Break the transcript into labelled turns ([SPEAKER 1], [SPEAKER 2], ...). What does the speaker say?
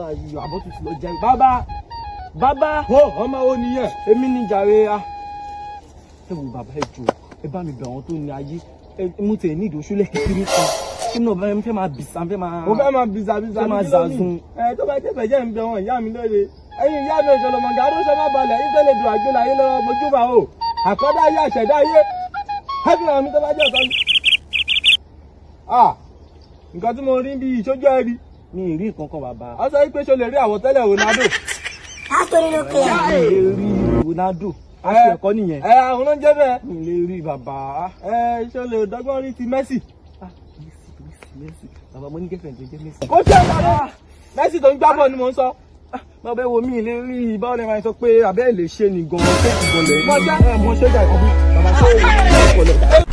[SPEAKER 1] Baba, Baba, yọ àbọ̀ tuntun lọ jẹun. bàbá bàbá ọmọ wo nìyẹn. èmi ni jàre a. ẹ wo bàbá ẹ jọ̀ọ́ ẹ bá mi bẹ̀ àwọn tó ní ayé mo tẹ̀ ní ìdòṣúlẹ̀ kékeré kan kí náà bá mi fẹ́ máa bìsà fẹ́ máa. mo fẹ́ máa bìsà bìsà mi lónìí ẹ tó bá tẹ̀ fẹ́ jẹ́ ń bẹ wọn ìyá mi lóore ẹyin ìyá mi ìṣòro mọ̀gá arúgbó má balẹ̀ ìtẹ̀lẹ̀ dùn àgbélé ayé lọ́wọ́ mojúbà o àkọ́dá ayé àṣẹ̀dá ayé hábìlà mi tó bá jẹ́ ọ̀sán. Ah, nǹkan tí mo rí bí ìṣojú ẹ̀rí mi ì rí nǹkan kan bàbá. a sọ pé ṣo lè rí àwọ̀tẹ́lẹ̀ Ronaldo. a tó nínú kílà. a lè rí Ronaldo a ṣe ẹ̀kọ́ nìyẹn. ẹ àwọn ló ń jẹ́ bẹ́ẹ̀. mi lè rí bàbá. ẹ ṣo lè dọ́gbọ́n rí ti Messi. Ah, Messi bàbá mo ní gẹ́fẹ̀ẹ́ tó jẹ́ Messi. kò ṣe é bàbá Messi tó ń gbá bọ̀ ni mò ń sọ bá ah, bẹ́ẹ̀ wo mí lè rí báwo lè máa sọ pé abẹ́ lè ṣe nìgan ṣé ìgbọ̀lẹ̀ mọ́ṣẹ́ mọ́ṣẹ́ gàgbọ́n bàbá ṣé ah, ìgbọ̀lẹ̀.